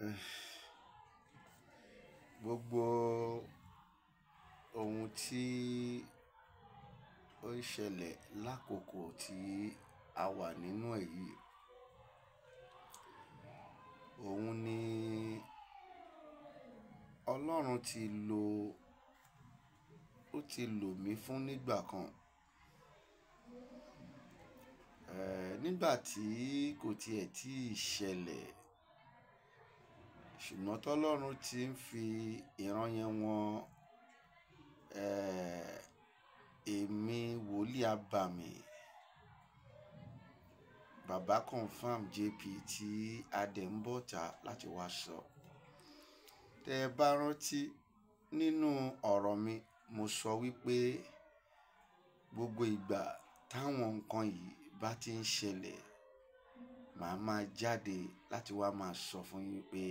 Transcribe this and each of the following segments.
Gbogbo ohun tí ó ń ṣẹlẹ̀ lákòókò tí a wà nínú ẹ̀ yìí, òun ni Ọlọ́run ti lò, ó ti lò mí fún nígbà kan. Nígbà tí kò tiẹ̀ tíì ṣẹlẹ̀ ṣùgbọ́n tọ́lọ́run ti ń fi ìran yẹn wọn eh, èmi wòlíì abàmì bàbá confam jp tí adẹ̀ ń bọ̀ ta láti wá sọ tẹ́ ẹ bá rántí nínú ọ̀rọ̀ mi mo sọ wípé gbogbo ìgbà táwọn nǹkan yìí bá ti ń ṣẹlẹ̀ màá máa jáde láti wá máa sọ fún yín pé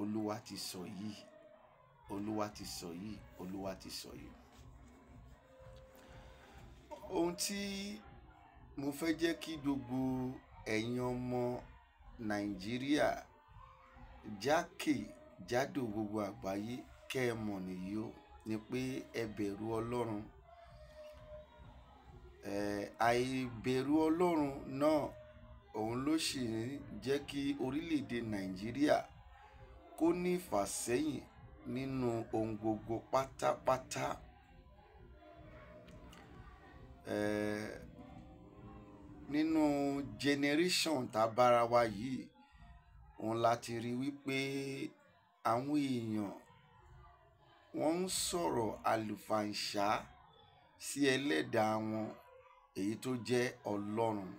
olúwa ti sọ yìí olúwa ti sọ yìí olúwa ti sọ yìí. ohun tí mo fẹ́ jẹ́ kí gbogbo ẹ̀yin ọmọ nàìjíríà jákèjádò gbogbo àgbáyé kẹ́ ẹ mọ̀ nìyí o ni pé ẹ bẹ̀rù ọlọ́run àìbẹ̀rù ọlọ́run náà òun ló sì ń jẹ́ kí orílẹ̀ nàìjíríà kó ní ìfàsẹ́yìn nínú ohun gbogbo pátápátá. Eh, nínú generation tá a bára wa yìí òun la ti rí wípé àwọn èèyàn wọ́n ń sọ̀rọ̀ àlùfàǹṣá sí ẹlẹ́dàá wọn èyí tó jẹ́ ọlọ́run.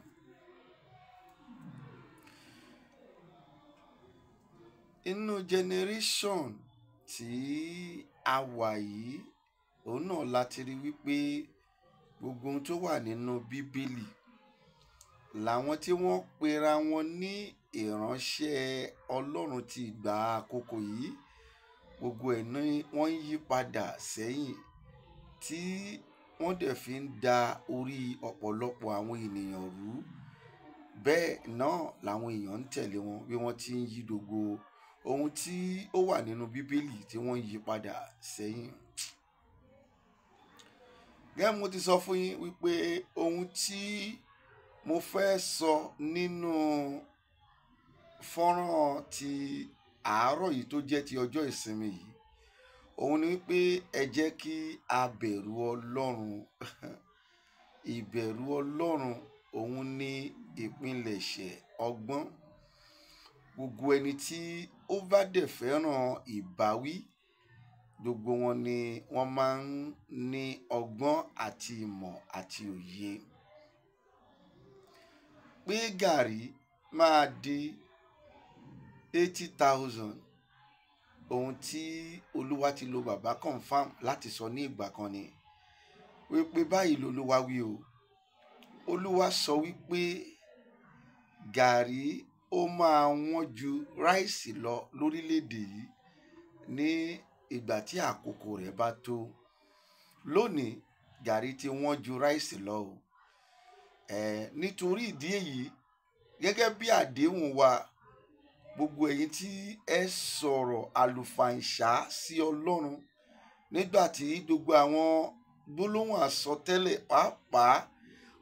inú generation tí a wà yìí òun náà láti rí wípé gbogbo ohun tó wà nínú bíbélì làwọn tí wọ́n pera wọn ní ìránṣẹ́ ọlọ́run ti ìgbà àkókò yìí gbogbo ẹ̀ ní wọ́n ń yí padà sẹ́yìn tí wọ́n dẹ̀ fi ń da orí ọ̀pọ̀lọpọ̀ àwọn ènìyàn rú bẹ́ẹ̀ náà làwọn èèyàn ń tẹ̀lé wọn bí wọ́n ti ń yí gbogbo ohun tí ó wà nínú bíbélì tí wọ́n yí padà sẹ́yìn. gẹ́gẹ́ mo ti sọ fún yín wípé ohun tí mo fẹ́ sọ nínú fọ́nrán ti àárọ̀ yìí tó jẹ́ ti ọjọ́ ìsinmi yìí òun ni wípé ẹ jẹ́ kí a bẹ̀rù ọlọ́run ìbẹ̀rù ọlọ́run òun ni ìpilẹ̀ṣẹ̀ ọgbọ́n gbogbo ẹni tí ó bá dẹ̀ fẹ́ràn ìbáwí gbogbo wọn ni wọ́n máa ń ní ọgbọ́n àti ìmọ̀ àti òye. pé gàrí máa di eighty thousand ohun tí olúwa ti lo bàbá confam láti sọ ní ìgbà kan ni wípé báyìí lolúwa wí o olúwa sọ wípé gàrí ó máa wọ́n ju ráìsì lọ lórílẹ̀‐èdè yìí ní ìgbà tí àkókò rẹ̀ bá tó lónìí gàrí ti wọ́n ju ráìsì lọ o ẹ̀ nítorí ìdí èyí gẹ́gẹ́ bí àdéhùn wa gbogbo ẹ̀yin tí ẹ sọ̀rọ̀ àlùfàǹṣá sí ọlọ́run nígbà tí gbogbo àwọn gbólóhùn àsọtẹ́lẹ̀ pàápàá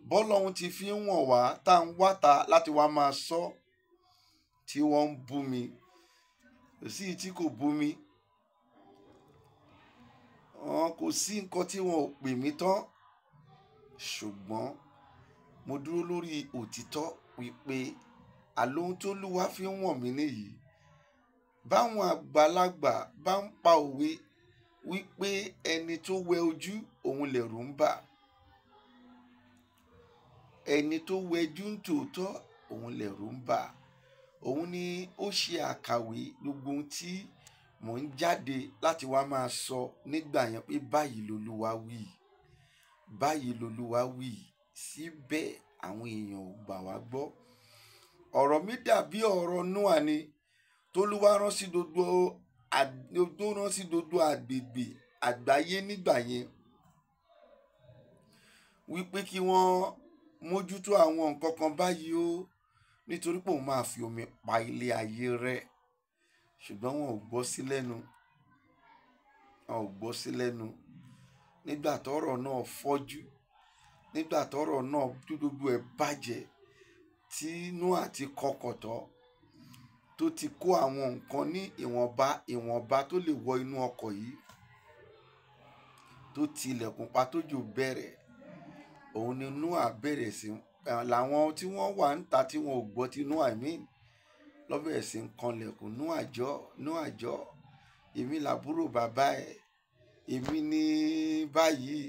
bọ́lọ́hun ti fi ń wọ̀n wá tá à ń wáta láti wá máa sọ so tí wọ́n ń bú mi kò sí tí kò bú mi wọn kò sí nǹkan tí wọn ò pè mí tán ṣùgbọ́n mo dúró lórí òtítọ́ wípé àlóhun tó lúwa fi ń wọ̀n mí nìyí báwọn àgbàlagbà bá ń pa òwe wípé ẹni tó wẹ ojú òun lẹ̀rù ń bà ẹni tó wẹjú ń tòótọ́ òun lẹ̀rù ń bà òun ni ó ṣe àkàwé gbogbo ohun tí mò ń jáde láti wá máa sọ nígbà yẹn pé báyìí lolúwa wí báyìí lolúwa wí síbẹ̀ àwọn èèyàn ò gbà wá gbọ́ ọ̀rọ̀ mi dàbí ọ̀rọ̀ noah ni tolúwa rán sí gbogbo tó rán sí gbogbo àgbègbè àgbáyé nígbà yẹn wípé kí wọ́n mójútó àwọn nǹkan kan báyìí o nítorí pé òun máa fi omi pa ilé ayé rẹ́ ṣùgbọ́n wọn ò gbọ́ sí lẹ́nu wọn ò gbọ́ sí lẹ́nu nígbà tọ́rọ̀ náà fọ́jú nígbà tọ́rọ̀ náà gbogbo ẹ̀ bàjẹ́ tí Nóà ti kọkọ̀tọ̀ tó ti kó àwọn nǹkan ní ìwọ̀nba ìwọ̀nba tó lè wọ inú ọkọ̀ yìí tó ti pa tójò bẹ̀rẹ̀ òun ni Nóà bẹ̀rẹ̀ sí làwọn tí wọ́n wà ń ta tí wọn ò gbọ́ tí Noah mean lọ́bẹ̀ ẹ̀sìn kanlẹ̀kùn Noah jọ Noah jọ èmi làbúrò bàbá ẹ̀ èmi ní báyìí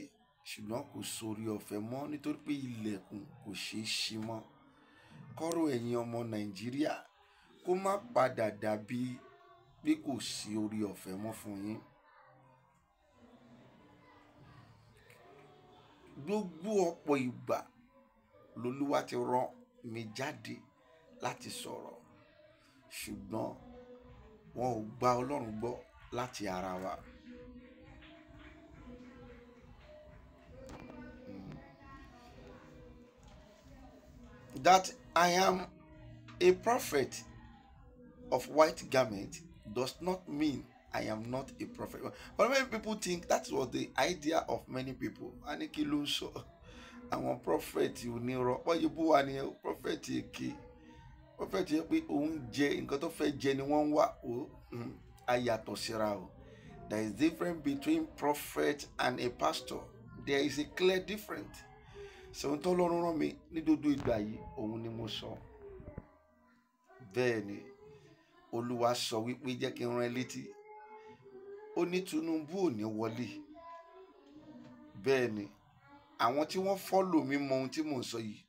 ṣùgbọ́n kò sórí ọ̀fẹ́ mọ́ nítorí pé ilẹ̀kùn kò ṣeé ṣí mọ́ kọ́rọ̀ ẹ̀yin ọmọ Nàìjíríà kó má padà dàbí pé kò sí orí ọ̀fẹ́ mọ́ fún yín. gbogbo ọ̀pọ̀ ìgbà lolúwa ti rán mi jáde láti sọ̀rọ̀ ṣùgbọ́n wọn ò gba ọlọ́run gbọ́ láti ara wa. That I am a prophet of white garment does not mean I am not a prophet. But many people think that was the idea of many people. Aniki Lunshaw àwọn prọfẹ̀tì onírọ́ pọ́yì wa ni prọfẹ̀tì èké prọfẹ̀tì yẹ pé òun jẹ nǹkan tó fẹ́ jẹ ni wọ́n wá o hmm, ayàtọ̀ síra o there is different between prophet and a pastor there is a clear difference sọ̀rọ̀ tó lọ́rùn rán mi ní dodo ìgbà yìí òun ni mo sọ bẹ́ẹ̀ ni olúwa sọ wípé jẹ́ kí n rán ẹ létí ó ní Tinubu ò ní wọlé bẹ́ẹ̀ ni àwọn tí wọ́n fọ́lò mi mọ ohun tí mò ń sọ yìí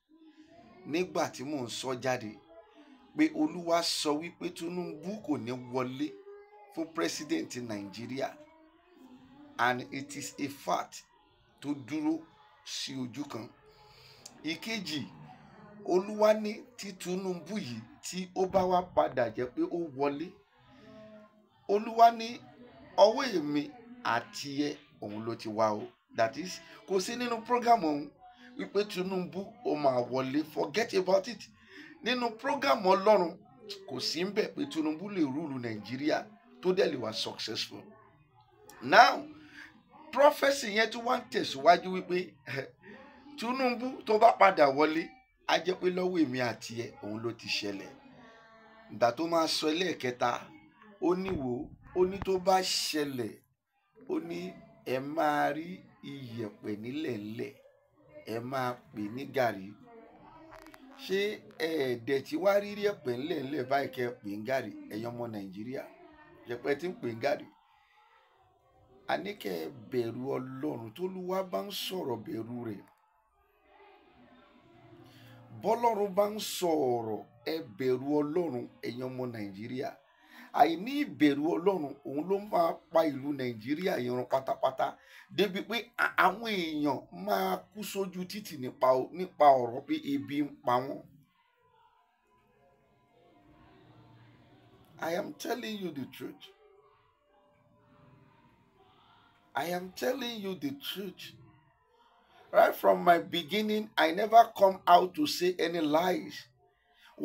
nígbà tí mò ń sọ jáde pé olúwa sọ wípé Tinubu kò ní wọlé fún pírẹsidẹ̀ntì Nàìjíríà and it is a fact tó dúró sí ojú kan ìkejì olúwa ní tí Tinubu yìí tí ó bá wá padà jẹ́ pé ó wọlé olúwa ní ọwọ́ èmi àti ẹ òun ló ti wá o that is kò sí nínú program ọ̀hún wípé Tinubu ó máa wọlé forget about it nínú program ọlọ́run kò sí ń bẹ̀ pé Tinubu lè rúlu Nàìjíríà tó dẹ̀ lè wá successful now prophesy yẹn tún wá ń tẹ̀síwájú wípé eh, Tinubu tó bá padà wọlé á jẹ́ pé lọ́wọ́ èmi àti ẹ̀ òun ló ti ṣẹlẹ̀ ìgbà tó máa sọ ẹlẹ́ẹ̀kẹta ó níwò ó ní tó bá ṣẹlẹ̀ ó ní ẹ máa rí iyẹ̀pẹ̀ nílẹ̀ẹ́lẹ̀ ẹ máa pè ní gàrí ṣé ẹ̀ẹ́dẹ̀ tí wá rírí ẹ̀pẹ̀ ńlẹ̀ńlẹ̀ báyìí kẹ́ pè ń gàrí ẹ̀yin ọmọ nàìjíríà yẹpẹ́ tí ń pè ń gàrí. a ní kẹ́ ẹ bẹ̀rù ọlọ́run bá ń sọ̀rọ̀ bẹ̀rù rẹ̀ bọ́lọ́run bá ń sọ̀rọ̀ ẹ bẹ̀rù ọlọ́run ẹ̀yin ọmọ nàìjíríà àìní ìbẹ̀rù ọlọ́run òun ló máa pa ìlú nàìjíríà ìran pátápátá débi pé àwọn èèyàn máa kú sójú títì nípa ọ̀rọ̀ pé ebi ń pa wọ́n. I am telling you the truth. I am telling you the truth. Right from my beginning, I never come out to say any lies.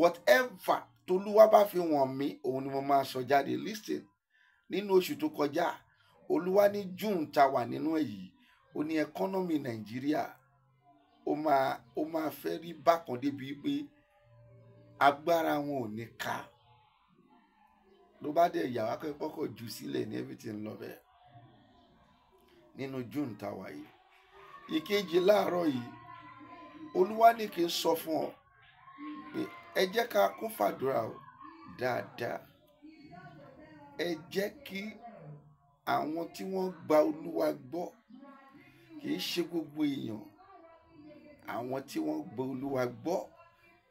Whatever tolúwa bá fi wọ̀n mí òun ni mo máa sọ jáde listen nínú oṣù tó kọjá olúwa ní june ta wà nínú èyí ó ní ẹkọ́nọ́mì nàìjíríà ó máa ó máa fẹ́ rí bákan débi pé agbára wọn ò ní ká ló bá dẹ̀ yà wá pé kọ́kọ́ jù sílẹ̀ ní everything lọ bẹ́ẹ̀ nínú june ta wà yìí ìkejì láàárọ̀ yìí olúwa ní kí n sọ fún ọ ẹ jẹ́ ká kún fàdúrà o dáadáa ẹ jẹ́ kí àwọn tí wọ́n gba olúwa gbọ́ kì í ṣe gbogbo èèyàn àwọn tí wọ́n gba olúwa gbọ́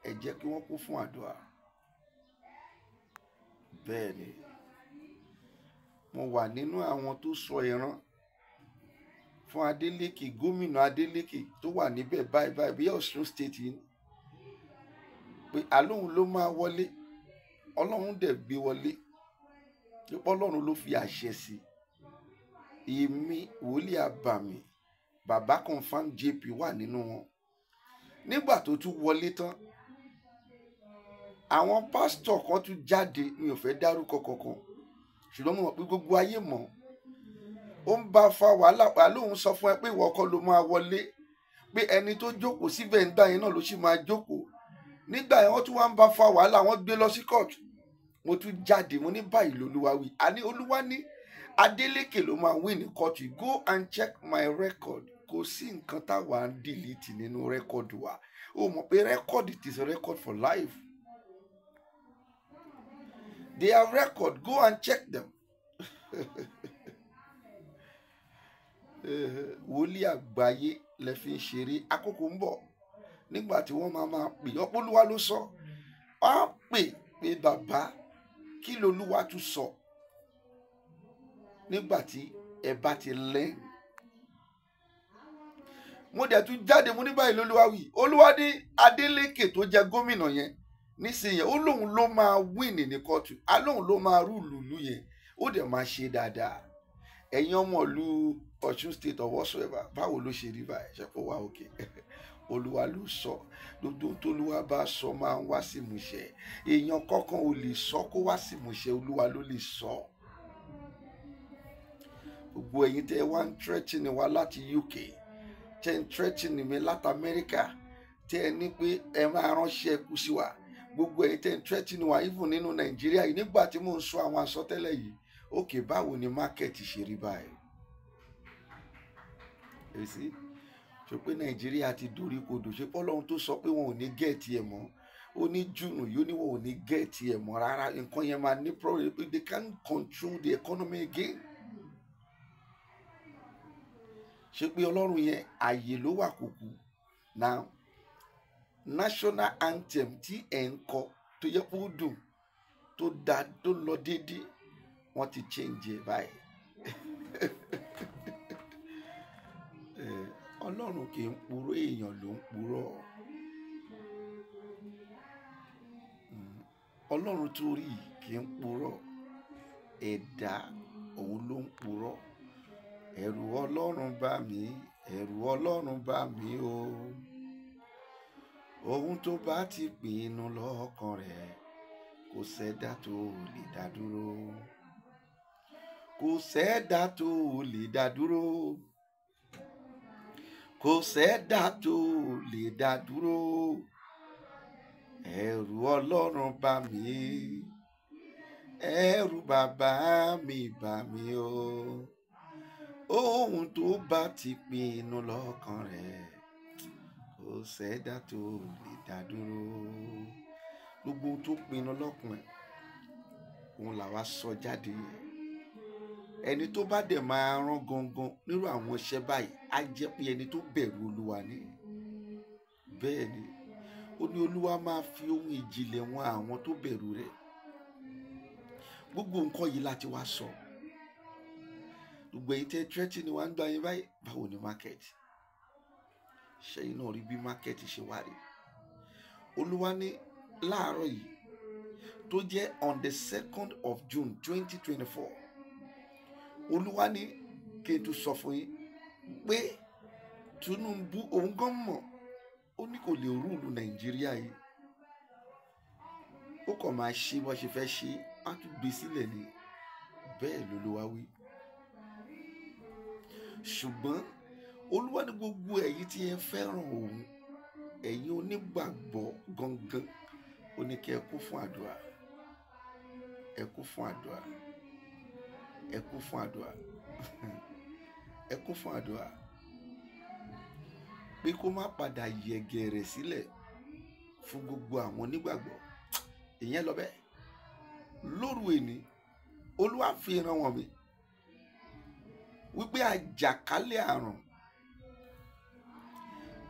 ẹ jẹ́ kí wọ́n kún fún àdúrà bẹ́ẹ̀ ni mo wà nínú àwọn tó sọ ìran fún Adeleke gómìnà Adeleke tó wà níbẹ̀ báyìí báyìí bí Ọ̀ṣun state yìí pé àlóhùn ló máa wọlé ọlọ́run dẹ̀ gbé wọlé nípa ọlọ́run ló fi àṣẹ sí èmi wòlíì àbàmì bàbá confam jp wà nínú wọn nígbà tó tún wọlé tán àwọn pásítọ̀ kan tún jáde mi ò fẹ́ dárúkọ kankan ṣùgbọ́n mo mọ̀ pé gbogbo ayé mọ̀ ó ń bá fa wàhálà àlóhùn sọ fún ẹ pé ìwọ kọ́ ló máa wọlé pé ẹni tó jókòó síbẹ̀ ń gbà yẹn náà ló sì máa jókòó nígbà yẹn wọ́n tún wá ń bá fa wàhálà wọ́n gbé lọ sí kóòtù mo tún jáde mo ní báyìí lolúwa wí àní olúwa ní Adeleke ló máa wí ní kóòtù go and check my record kò sí nǹkan táwa ń dìlítì nínú record. wa ó mọ̀ pé record it is a record for life they have record go and check them eh, eh, wòlíì àgbáyé lẹ fi ń ṣeré àkókò ń bọ̀ nígbà tí wọ́n máa máa pè ọpọlọwà ló sọ á pè pé bàbá kí lolúwa tún sọ nígbà tí ẹ bá ti lẹ́ mo dẹ̀ tún jáde mo ní báyìí lolúwa wí olúwa ní Adeleke tó jẹ gómìnà yẹn nísìnyẹn ó lóun ló máa win ní kóòtù á lóun ló máa rúùlù lù yẹn ó dẹ̀ máa ṣe dáadáa ẹ̀yin ọmọ ìlú Ọ̀ṣun state or whatsoever báwo ló ṣe rí báyìí ṣe kó wá òkè olúwa ló sọ gbogbo tólúwa bá sọ máa ń wá sí ìmúṣẹ èèyàn kọ̀ọ̀kan ò lè sọ kó wá sí ìmúṣẹ olúwa ló lè sọ gbogbo ẹ̀yin tẹ́ wá ń tírẹ́tìnì wá láti UK tẹ́ ń tírẹ́tìnì mi láti Amẹ́ríkà tẹ́ ẹ ní pé ẹ máa ránṣẹ́ ẹkú sí wa gbogbo ẹ̀yin tẹ́ ń tírẹ́tìnì wá even nínú Nàìjíríà yìí nígbà tí mò ń sọ àwọn àsọtẹ́lẹ̀ yìí òkè báwo ni mákẹ́ẹ̀tì ṣe rí báyìí ṣe pé nàìjíríà ti dorí kodò ṣe pé ọlọ́run tó sọ pé wọn ò ní gẹ̀ẹ́tì ẹ̀ mọ́ ó ní júnù yóò ní wọn ò ní gẹ̀ẹ́tì ẹ̀ mọ́ rárá nǹkan yẹn máa ní problem pé they can't control the economy again. ṣe pé ọlọ́run yẹn ààyè ló wà kùkù now national anthem tí ẹ̀ ń kọ tó yẹ kó dùn tó dáa tó lọ déédéé wọ́n ti change ẹ̀ báyìí. ọlọ́run kì í purọ́ èèyàn ló ń purọ́ hmm. ọlọ́run tó rí kì í purọ́ ẹ̀dá òun ló ń purọ́ ẹ̀rù ọlọ́run bá mi ẹ̀rù ọlọ́run bá mi o ohun tó bá ti pinnu lọ́kàn rẹ̀ kò sẹ́dá tó lè dá dúró kò sẹ́dá tó lè dá dúró kò sẹ́dá tó lè dá dúró ẹ̀rù ọlọ́run bá mi ẹ̀rù bàbá mi bá mi o ohun tó bá ti pinnu lọ́kàn rẹ̀ kò sẹ́dá tó lè dá dúró gbogbo tó pinnu lọ́kàn ẹ̀ òun làwa sọ jáde yẹn ẹni tó bá dẹ̀ máa rán gangan nírú àwọn iṣẹ́ báyìí á jẹ́ pé ẹni tó bẹ̀rù olúwa ni bẹ́ẹ̀ ni ó ní olúwa máa fi ohun ìjìnlẹ̀ wọn àwọn tó bẹ̀rù rẹ̀ gbogbo nǹkan yìí láti wá sọ gbogbo èyí tẹ́ tírẹ́tì ni wà ń gbà yín báyìí báwo ni market ṣẹ́yìn náà rí bí market ṣe wà rí olúwa ní láàárọ̀ yìí tó jẹ́ on the second of June twenty twenty four olúwa ní kí n tún sọ fún yín pé Tinubu òun gan mọ̀ ó ní kò lè rúùlù nàìjíríà yìí ó kàn máa ṣe bó ṣe fẹ́ ṣe á tún gbé sílẹ̀ ni bẹ́ẹ̀ lolúwa wí ṣùgbọ́n olúwa ní gbogbo ẹ̀yin tí ẹ fẹ́ràn òun ẹ̀yin onígbàgbọ́ gangan ó ní fún àdúrà ẹ fún àdúrà ẹ kún fún àdúrà ẹ kún fún àdúrà pé kó má padà yẹgẹrẹ sílẹ̀ fún gbogbo àwọn onígbàgbọ́ ìyẹn lọ bẹ́ẹ̀ lóru èní olúwa fi ràn wọ́n mi wípé àjàkálẹ̀ àrùn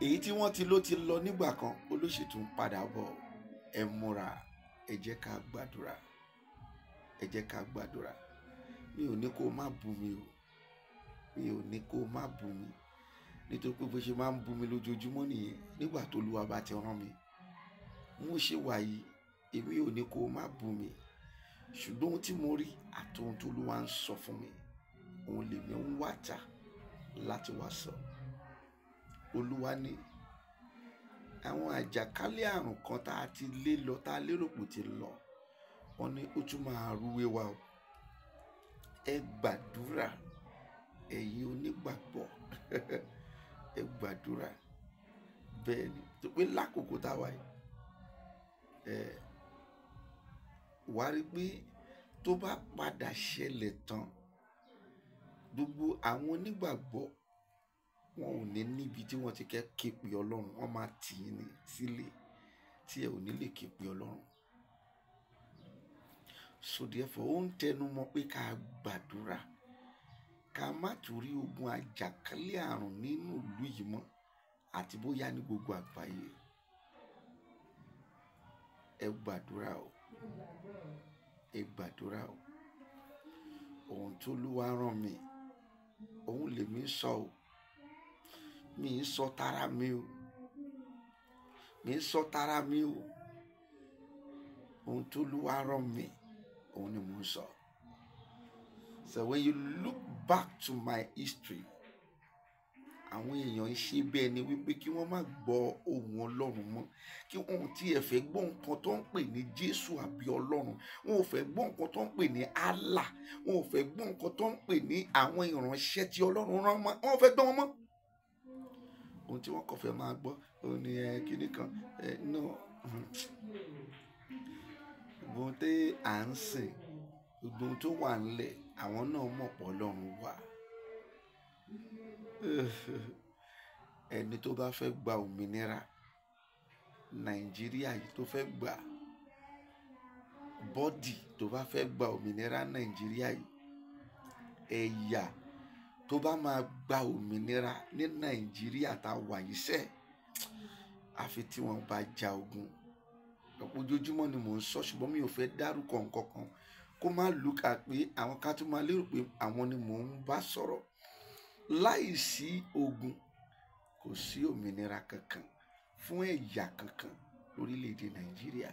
èyí tí wọ́n ti ló ti lọ nígbà kan olóṣètò ń padà bọ̀ ẹ múra ẹ jẹ́ ká gbàdúrà ẹ jẹ́ ká gbàdúrà mi ò ní kó o má bú mi o mi ò ní kó o má bú mi nítorí pé bó ṣe máa ń bú mi lójoojúmọ́ nìyẹn nígbà tó lu abá ti rán mi mo ṣe wà yìí èmi ò ní kó o má bú mi ṣùgbọ́n ohun tí mo rí àti ohun tó ló wá ń sọ fún mi òun lèmi ń wá jà láti wá sọ olúwa ní àwọn àjàkálẹ̀ àrùn kan tá a ti lé lọ tá a lérò pò ti lọ wọn ni ó tún máa rúwé wa o ẹ gbàdúrà ẹ̀yin onígbàgbọ́ ẹ gbàdúrà bẹ́ẹ̀ ni tó pé lákòókò tá a wà yìí ẹ wá rí pé tó bá padà ṣẹlẹ̀ tán gbogbo àwọn onígbàgbọ́ wọn ò ní níbi tí wọ́n ti kẹ́ képe ọlọ́run wọ́n máa tì í ní sílé tí ẹ ò ní lè képe ọlọ́run so therefore ó ń tẹnu mọ́ pé ká gbàdúrà ká má torí ogun àjàkálẹ̀ àrùn nínú ìlú yìí mọ́ àti bóyá ní gbogbo àgbáyé ẹ gbàdúrà o ẹ gbàdúrà o ohun tó lúwa rán mi òun lèmi sọ o mi ń sọ tara mi o mi ń sọ tara mi o ohun tó lúwa rán mi òun ni mò ń sọ. So when you look back to my history àwọn èèyàn ń ṣe bẹ́ẹ̀ ni wípé kí wọ́n má gbọ́ ohùn ọlọ́run mọ́ kí wọn ò tiẹ̀ fẹ́ gbọ́ nǹkan tó ń pè ní jésù àbí ọlọ́run wọn ò fẹ́ gbọ́ nǹkan tó ń pè ní allah wọn ò fẹ́ gbọ́ nǹkan tó ń pè ní àwọn ìránṣẹ́ tí ọlọ́run rán mọ́ wọn ò fẹ́ gbọ́ wọn mọ́. ohun tí wọn kò fẹ́ máa gbọ́ òun ni eh, kíní kan eh, náà gbogbo tí à ń sìn gbogbo tó wà ńlẹ̀ àwọn náà mọ̀ pọ̀ lọ́run wà ẹni tó bá fẹ́ gba òmìnira nàìjíríà yìí tó fẹ́ gbà bọ́dì tó bá fẹ́ gba òmìnira nàìjíríà yìí ẹ̀yà tó bá máa gba òmìnira ní nàìjíríà tá a wà yìí sẹ́ àfi tí wọ́n bá ja ogun ọ̀pọ̀ ojoojúmọ́ ni mò ń sọ ṣùgbọ́n mi ò fẹ́ dárúkọ nǹkan kan kó má lùkà pé àwọn ká tún máa lérò pé àwọn ni mò ń bá sọ̀rọ̀ láì sí ogun kò sí òmìnira kankan fún ẹ̀yà kankan lórílẹ̀‐èdè nàìjíríà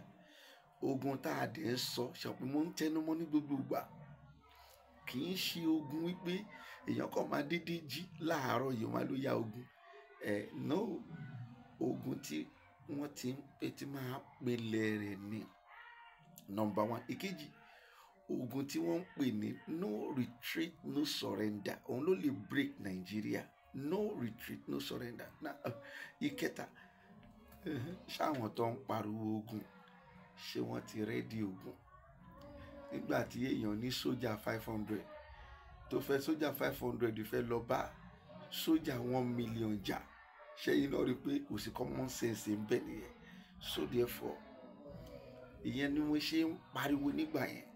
ogun tá a dẹ̀ ń sọ ṣọ̀pẹ́ mo ń tẹnumọ́ ní gbogbo ìgbà kì í ṣe ogun wípé èèyàn kan máa dédé jí láàárọ̀ yìí wọn ló ya ogun ẹ̀ náà ogun tí wọ́n ti ń pè tí máa pèlè rẹ̀ ní nọ́mbà one ìkejì ogun tí wọ́n ń pè ní no retreat no surrender òun ló lè break Nàìjíríà no retreat no surrender na uh, ìkẹta ṣáwọn tó ń pariwo ogun ṣé wọ́n ti rẹ́dí ogun nígbà tí èèyàn ní sójà five hundred tó fẹ́ sójà five hundred fẹ́ lọ bá sójà one million jà. Ja ṣẹ́yìn náà rí i pé kò sí common sense ń bẹ nìyẹn so therefore ìyẹn ni wọ́n ṣe ń pariwo nígbà yẹn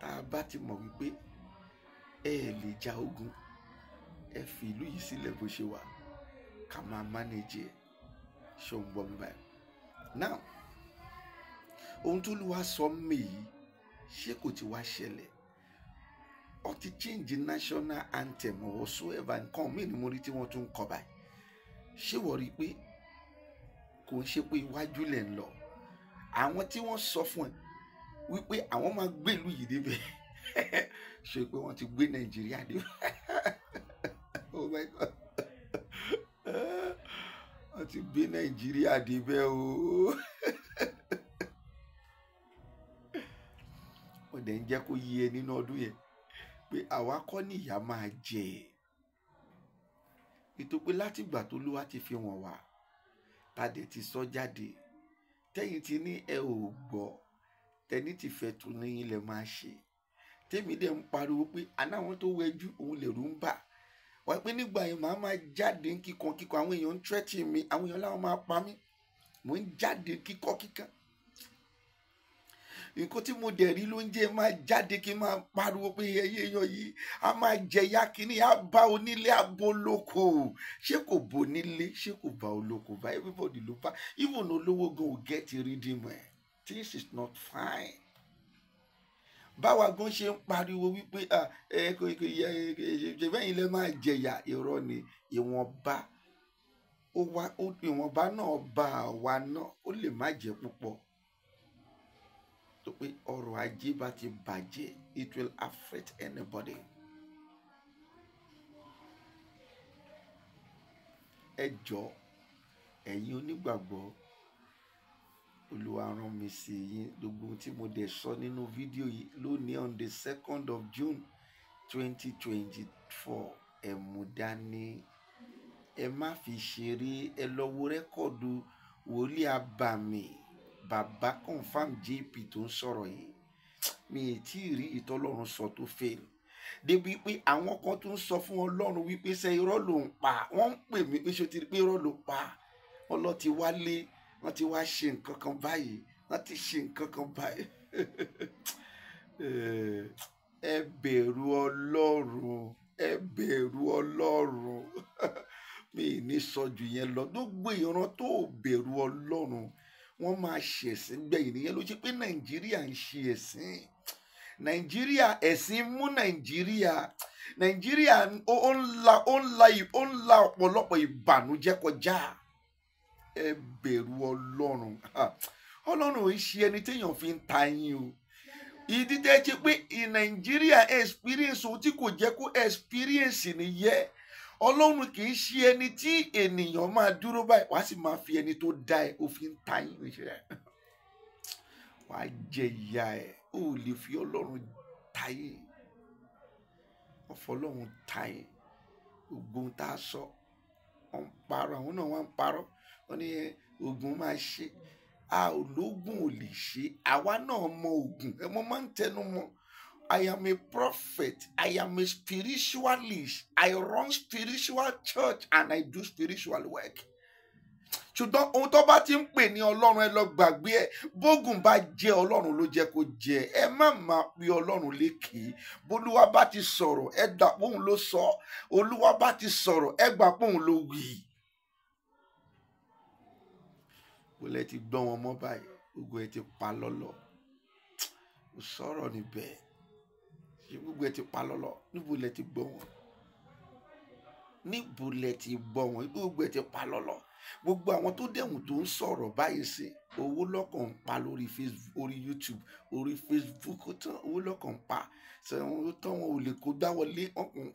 tá a bá ti mọ̀ wípé ẹ lè ja ogun ẹ fi ìlú yìí sílẹ̀ bó ṣe wà ká máa manage ẹ̀ ṣó ń gbọ́ mi báyìí now ohun tó lù wá sọ mí yìí ṣé kò ti wá ṣẹlẹ̀ ó change national anthem or so ever nǹkan míì ni mo rí tí wọ́n tún kọ báyìí ṣé wọ́n rí i pé kò ń ṣe pé iwájú lẹ̀ ń lọ àwọn tí wọ́n sọ fún ẹ wípé àwọn máa gbé ìlú yìí débẹ̀ ṣe pé wọ́n ti gbé nàìjíríà débẹ̀ oh my god wọ́n ti gbé nàìjíríà débẹ̀ o wọ́n dẹ̀ ń jẹ́ kó yí ẹ nínú ọdún yẹn pé àwa kọ́ nìyà máa jẹ ẹ́ ètò pé látìgbà tó lówá ti fi wọ̀n wá tàdé ti sọ jáde tẹ́yìn ti ní ẹ ò gbọ́ tẹ́ni ti fẹ́ tu ní ilẹ̀ máa ṣe tèmi dẹ̀ ń pariwo pé anáwọn tó wẹjú òun lè rú bà wáyé pé nígbà yẹn màá máa jáde kíkan kíkan àwọn èèyàn ń tẹ́tì mi àwọn èèyàn láwọn máa pa mí mò ń jáde kíkọ́ kíkan nǹkan tí mo dẹ̀ rí ló ń jẹ́ máa jáde kí n máa pariwo pé ẹyẹ èèyàn yìí a máa jẹyà kínní a bá onílé a bó olóko ṣé kò bó nílé ṣé kò bá olóko bá everybody ló bá even olówó gan ò get redeem ẹ this is not fine báwa gan ṣe ń pariwo wípé ṣèbẹ́yìn lẹ máa jẹyà irọ́ ni ìwọ̀nba ìwọ̀nba náà bá àwa náà ó lè má jẹ́ púpọ̀ tó pé ọrọ̀ ajé bá ti bàjẹ́ it will affect anybody. ẹ jọ ẹ̀yin onígbàgbọ́ olúwa rán mi sí yín gbogbo tí mo dẹ̀ sọ nínú fídíò yìí lónìí on the second of June twenty twenty four ẹ mú dání ẹ má fi ṣeré ẹ lọ wo rẹ́kọ̀dù wòlíì abàmì bàbá confam jp tó ń sọ̀rọ̀ yìí mi ì tí ì rí ìtọ́lọ́run sọ tó fail débi pé àwọn kan tó ń sọ fún ọlọ́run wípé ṣe irọ́ ló ń pa wọ́n ń pè mí pé ṣe ti rí pé irọ́ ló pa wọ́n lọ ti wá lé wọ́n ti wá ṣe nǹkan kan báyìí wọ́n ti ṣe nǹkan kan báyìí ẹ bẹ̀rù ọlọ́run ẹ bẹ̀rù ọlọ́run mi ì ní sọ jù yẹn lọ gbogbo ìran tó bẹ̀rù ọlọ́run wọ́n máa ṣẹ̀sìn gbẹ̀yìn nìyẹn ló ṣe pé nàìjíríà ń ṣe ẹ̀sìn nàìjíríà ẹ̀sìn mú nàìjíríà nàìjíríà ó ń la ó ń la ó la ọ̀pọ̀lọpọ̀ ìbànújẹ́ kọjá ẹ bẹ̀rù ọlọ́run ọlọ́run ò ṣe ẹni téèyàn fi ń ta yín o ìdí tẹ́ ẹ ṣe pé nàìjíríà experience ohun tí kò jẹ́ kó experience nìyẹn ọlọ́run kì í ṣe ẹni tí ènìyàn máa dúró báyìí wàá sì máa fi ẹni tó dá ẹ òfin ta yín níṣẹ́ wàá jẹ ìyá ẹ ò lè fi ọlọ́run ta yín ọ̀fọ̀ ọlọ́run ta yín gbogbo ohun tá a sọ ọ̀ ń parọ́ àwọn náà wọ́n ń parọ́ wọ́n ní oògùn máa ṣe a ò lóògùn ò lè ṣe àwa náà mọ oògùn ẹ mọ máa ń tẹnu mọ́. I am a prophet. I am a spiritualist. I run spiritual church and I do spiritual work. ṣùgbọ́n ohun tó bá ti ń pè ní ọlọ́run ẹ lọ gbàgbé ẹ bógun bá jẹ ọlọ́run ló jẹ kó jẹ ẹ má máa pe ọlọ́run lékè bólúwa bá ti sọ̀rọ̀ ẹ gbà póun ló sọ olúwa bá ti sọ̀rọ̀ ẹ gbà póun ló wì í. ti gbọ́n wọn mọ́ báyìí ogun ẹ ti pa lọ́lọ́ sọ̀rọ̀ níbẹ̀ ṣé gbogbo ẹ ti pa lọ́lọ́ níbo lẹ ti gbọ́ wọn níbo lẹ ti gbọ́ wọn gbogbo ẹ ti pa lọ́lọ́ gbogbo àwọn tó dẹ̀wù tó ń sọ̀rọ̀ báyìí sí owó lọ́kàn ń pa lórí facebook orí youtube orí facebook tán owó lọ́kàn ń pa sẹ́wọ̀n tán wọn ò lè kó gbá wọlé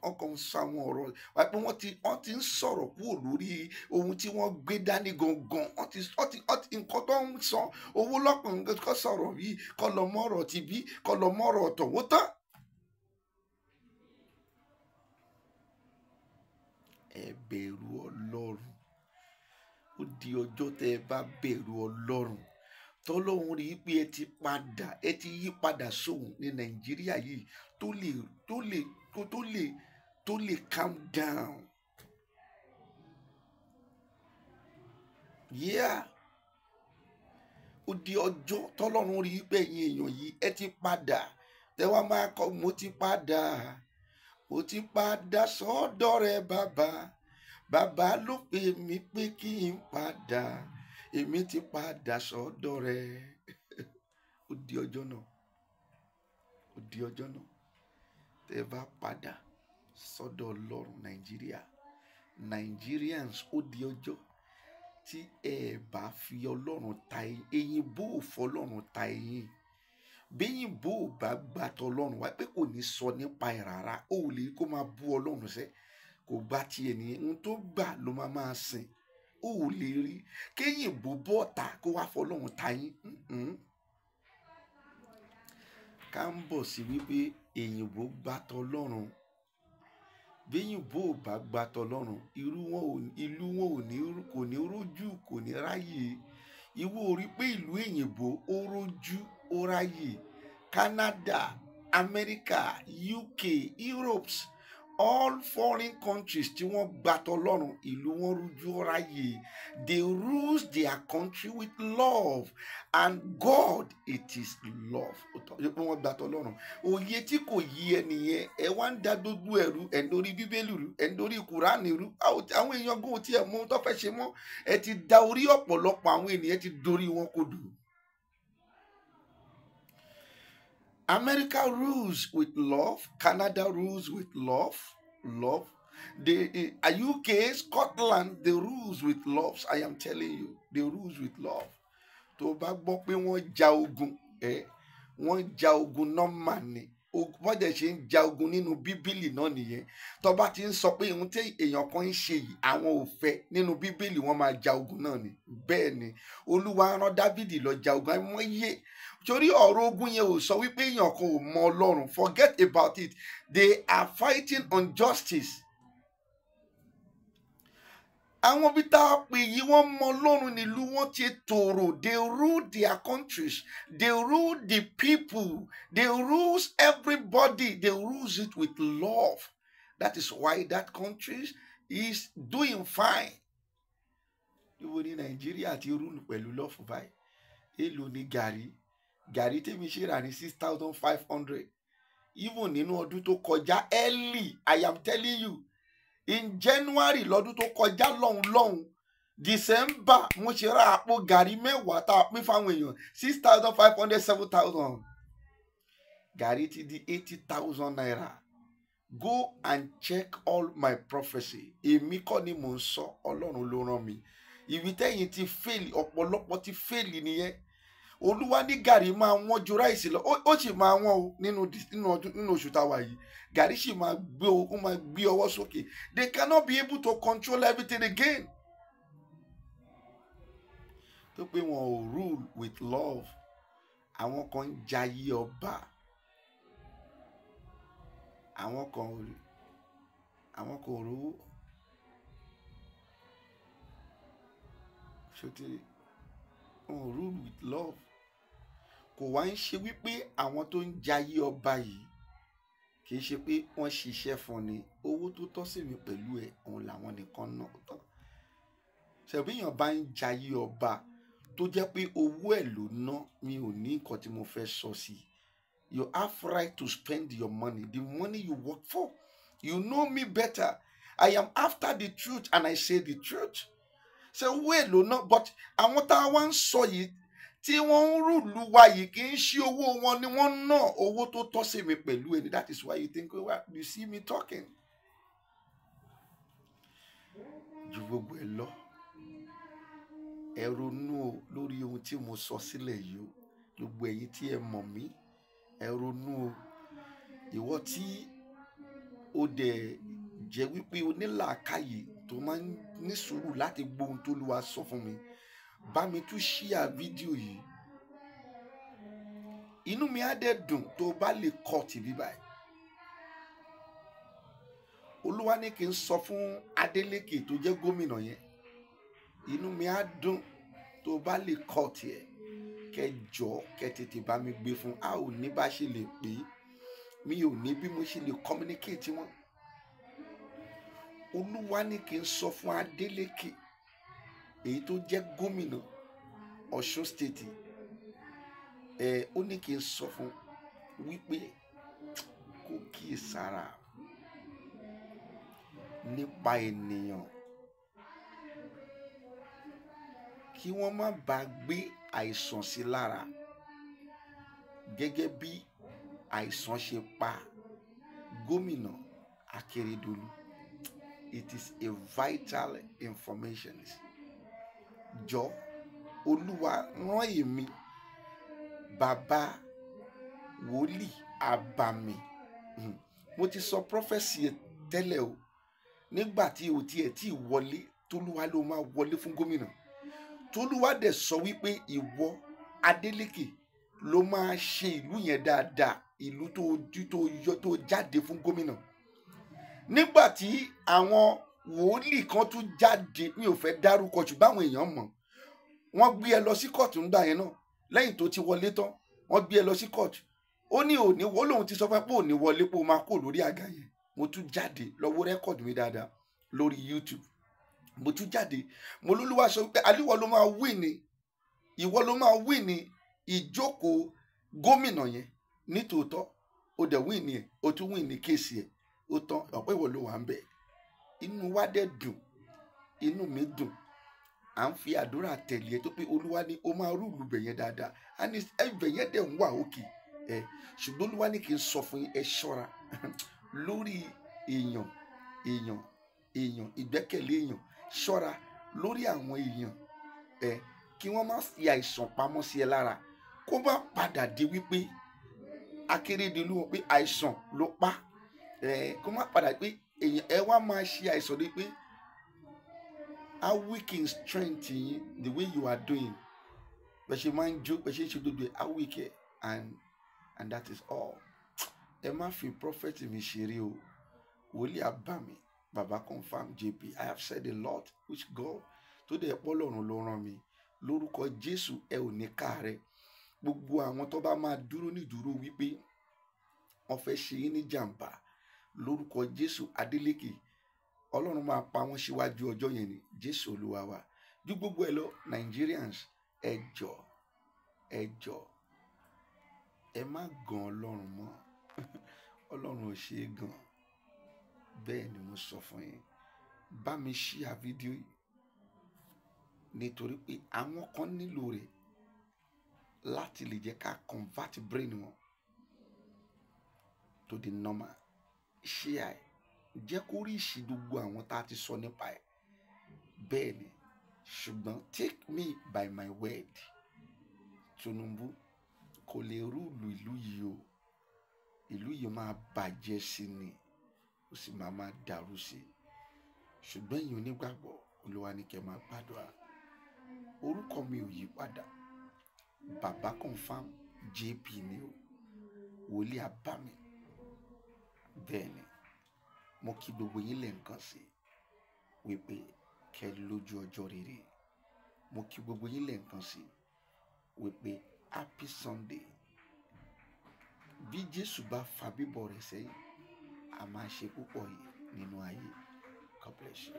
ọkàn ń sọ àwọn ọ̀rọ̀ wá pé wọ́n ti wọ́n ti ń sọ̀rọ̀ kúrò lórí ohun tí wọ́n gbé dání gangan wọ́n ti wọ́n ti wọ́n ti nǹkan tó ń sọ owó lọ́kàn ń kọ́ sọ̀rọ̀ yìí kọ́ lọ́mọ́rọ̀ ti bí kọ́ ọ̀tọ̀ wọ́n tán bẹ̀rù ọlọ́run ó di ọjọ́ tẹ́ ẹ bá bẹ̀rù ọlọ́run tọ́lọ́run rí i pé ẹ ti padà ẹ ti yí padà sóhun ní nàìjíríà yìí tó lè tó lè tó lè tó lè calm down. yeah ó di ọjọ́ tọ́lọ́run rí i pé ẹ̀yin èèyàn yìí ẹ ti padà tẹ wá máa kọ mo ti padà mo ti padà sọ́dọ̀ rẹ bàbá. So bàbá ló pè mí pé kí n padà èmi ti padà sọ́dọ̀ rẹ̀ ó di ọjọ́ náà ó di ọjọ́ náà tẹ́ bá padà sọ́dọ̀ ọlọ́run nàìjíríà Nigerians ó di ọjọ́ tí ẹ bá fi ọlọ́run ta eyín bó ò fọlọ́run ta eyín bẹ́yìn bó ò bá gbàtọ̀ ọlọ́run wá pé kò ní sọ nípa ẹ̀ rárá ó lè kó máa bú ọlọ́run sẹ́ẹ́ kò gba ti ènìyàn ń tó gbà ló máa máa sìn ó ò lè rí kéyìn bó bọ́ ta kó wá fọlọ́run ta yín ká ń bọ̀ sí wípé èyìnbó gba tọlọ́run béyìnbó ò bá gba tọlọ́run ìlú wọn kò ní rójú kò ní ráyè ìwọ rí pé ìlú èyìnbó ó rójú ó ráyè Canada America UK Europe all foreign countries tí wọ́n gba tọlọ́run ìlú wọn rújú ráyè they rule their country with love and God it is love pé wọ́n gba tọlọ́run òye tí kò yí ẹnìyẹn ẹ wá ń da gbogbo ẹ̀rú ẹ̀ ń dorí bíbélì rú ẹ̀ ń dorí kùránì rú àwọn èèyàn gòtí ẹ̀ mú tó fẹ́ ṣe mọ́ ẹ ti da orí ọ̀pọ̀lọpọ̀ àwọn ènìyàn ti dorí wọn kodò. America rules with love, Canada rules with love, love. The eh, uh, UK, Scotland, they rules with love. I am telling you, they rules with love. To bá gbọ́ pé wọ́n ja ogun ẹ̀ eh, wọ́n ja ogun nọ́mà ni wọ́n dẹ̀ ṣe ń ja ogun nínú bíbélì náà nìyẹn tó bá ti ń sọ pé ohun tí èèyàn kan ń ṣe yìí àwọn ò fẹ́ nínú bíbélì wọ́n máa ja ogun náà ni bẹ́ẹ̀ ni Olúwa rán Dávìdì lọ ja ogun àwọn yé torí ọ̀rọ̀ ogun yẹn ò sọ wípé èèyàn kan ò mọ ọlọ́run forget about it they are fighting on justice. àwọn bí tá a pè yìí wọ́n mọ ọlọ́run nílùú wọn ti tòrò they rule their countries they rule the people they rules everybody they rules it with love that is why that country is doing fine. ìwọ ni nàìjíríà ti rúlù pẹ̀lú lọ́fù báyìí èèlò ní gàrí gàrí tèmi ṣe rà ní six thousand five hundred even nínú ọdún tó kọjá early i am telling you in january lọ́dún tó kọjá lọ́hùn lọ́hùn december mo ṣe ra àpò gàrí mẹ́wàá tá a pín fáwọn èèyàn six thousand five hundred seven thousand gàrí ti di eighty thousand naira go and check all my prophecy èmi kọ́ ni mò ń sọ ọlọ́run ló rán mi ìwítẹ́yìn ti fail ọ̀pọ̀lọpọ̀ ti fail nìyẹn olúwa ní gàrí máa wọ́n ju ráìsì lọ ó sì máa wọ́n o nínú oṣù táwa yìí gàrí sì máa gbé o ó máa gbé ọwọ́ sókè they cannot be able to control everything again tó pé wọn ò rule with love àwọn kan ń jayé ọba àwọn kan ò àwọn kan ò rówó ṣòtìrì wọn ò rule with love kò wá ń ṣe wípé àwọn tó ń jayé ọba yìí kì í ṣe pé wọ́n ṣiṣẹ́ fún ni owó tó tọ́ sí mi pẹ̀lú ẹ̀ òun làwọn nìkan náà tán ṣèbíyàn bá ń jayé ọba tó jẹ́ pé owó ẹ̀ ló ná mi ò ní nǹkan tí mo fẹ́ sọ sí you have right to spend your money the money you work for you know me better I am after the truth and I say the truth ṣe owó ẹ̀ ló ná but àwọn tá a wá ń sọ yìí tí wọ́n ń rúlu wa yìí kì í ṣe owó wọn ni wọ́n ná owó tó tọ́ sí mi pẹ̀lú ẹni that is why you think you see me talking. ju gbogbo ẹ lọ ẹ ronú o lórí ohun tí mo sọ sílẹ̀ yìí o gbogbo ẹ̀yin tí ẹ mọ̀ mí ẹ ronú o ìwọ tí ó dẹ̀ jẹ́ wípé onílàákàyè tó máa ń ní sùúrù láti gbóhun tó lu wa sọ fún mi bá mi tún ṣíà fídíò yìí inú mi á dẹ̀ dùn tó o bá lè kọ tìbí báyìí olúwa ní kí n sọ fún Adeleke tó jẹ́ gómìnà yẹn inú mi á dùn tó o bá lè kọ tiẹ̀ kẹjọ kẹtètè bá mi gbé fún a ò ní bá ṣe lè pè é mi ò ní bí mo ṣe lè communicate wọn olúwa ní kí n sọ fún Adeleke èyí tó jẹ́ gómìnà Ọ̀ṣun state ẹ ó ní kí n sọ fún wípé kó kíyè sára nípa ènìyàn kí wọ́n má bàa gbé àìsàn sí lára gẹ́gẹ́ bí àìsàn ṣe pa gómìnà Akérédolú it is a vital information jọ olúwa rán èmi bàbá wòlíì àbàmì hmm. mo ti sọ prọfẹsì tẹ́lẹ̀ o nígbà tí o tiẹ̀ tí wọlé tolúwa ló máa wọlé fún gómìnà tolúwa dẹ̀ sọ wípé ìwọ Adeleke ló máa ṣe ìlú yẹn dáadáa ìlú tó yọ tó jáde fún gómìnà nígbà tí àwọn wòlíì kan tún jáde mi ò fẹ́ dárúkọ ṣùgbọ́n àwọn èèyàn mọ̀ wọ́n gbé ẹ lọ sí kóòtù ńgbà yẹn náà lẹ́yìn tó ti wọlé tán wọ́n gbé ẹ lọ sí kóòtù ó ní òní wọ́n lòun ti sọ fún ẹ pé wọlé pé máa kó lórí àga yẹn mo tún jáde lọ́wọ́ rẹ́kọ̀dù mi dáadáa lórí YouTube mo tún jáde mo lólúwa sọ pé aliwọ ló máa wí ni ìwọ ló máa wí ni ìjókòó gómìnà yẹn nítòótọ́ ó dẹ̀ wí ni ẹ̀ ó tún wí ni kéèsì ẹ̀ ó tán ọ̀pọ̀ ìwọ ló wà ń bẹ̀ẹ́ inú wa dẹ̀ dùn inú mi dùn à ń fi àdúrà tẹ̀lé tó pé olúwa ni ó máa rúùlù bẹ̀yẹn dáadáa a ní ẹ̀bẹ̀ yẹn dẹ̀ ń wà òkè ẹ̀ ṣùgbọ́n olúwa ni kì í sọ fún yín ẹ ṣọ́ra lórí èèyàn èèyàn èèyàn ìgbẹ́kẹ̀lé èèyàn ṣọ́ra lórí àwọn èèyàn ẹ̀ kí wọ́n má fi àìsàn pamọ́ sí ẹ lára kó bá padà di wípé Akérédolú wọn pé àìsàn ló pa ẹ̀ kó má padà pé èèyàn ẹ wá máa ṣe àìsàn ni pé how weak in strength yín the way you are doing bẹ ṣe máa ń jó bẹ ṣe ń ṣe gbogbo ẹ how weak ẹ and and that is all ẹ má fi prophet mi ṣeré o wòlíì àbàmì baba confam jp i have said a lot which god tó dẹ̀ pọ́ lọ́rùn ló rán mi lórúkọ jésù ẹ ò ní káàárẹ̀ gbogbo àwọn tó bá máa dúró nídúró wípé wọ́n fẹ́ ṣe yín ní jàǹbá lórúkọ jésù adélékè ọlọ́run máa pa wọ́n síwájú ọjọ́ yẹn ni jésù olúwa wa ju gbogbo ẹ lọ nigerians ẹ jọ ẹ jọ ẹ má gàn ọlọ́run mọ́ ọlọ́run ò ṣeé gàn bẹ́ẹ̀ ni mo sọ fún yín bá mi ṣíà fídíò yìí nítorí pé àwọn kan nílò rẹ̀ láti lè jẹ́ ká convert brain wọn to the normal share jẹ́ kó rí ìṣí gbogbo àwọn tá a ti sọ nípa ẹ̀ bẹ́ẹ̀ ni ṣùgbọ́n take me by my word Tinubu kò lè rúùlù ìlú yìí o ìlú yìí máa bàjẹ́ sí ni ó sì máa máa dàrú sí i ṣùgbọ́n ẹ̀yin onígbàgbọ́ olúwa ní kẹ́ máa gbàdúrà orúkọ mi ò yí padà bàbá confam jp ni o wòlíì àbámi bẹ́ẹ̀ ni mo kí gbogbo yín lẹ́ǹkan sí wípé kẹ́ lójú ọjọ́ rere mo kí gbogbo yín lẹ́ǹkan sí wípé happy sunday bí jésù bá fa bíbọ̀ rẹ̀ sẹ́yìn a máa ṣe púpọ̀ yìí nínú ayé God bless you.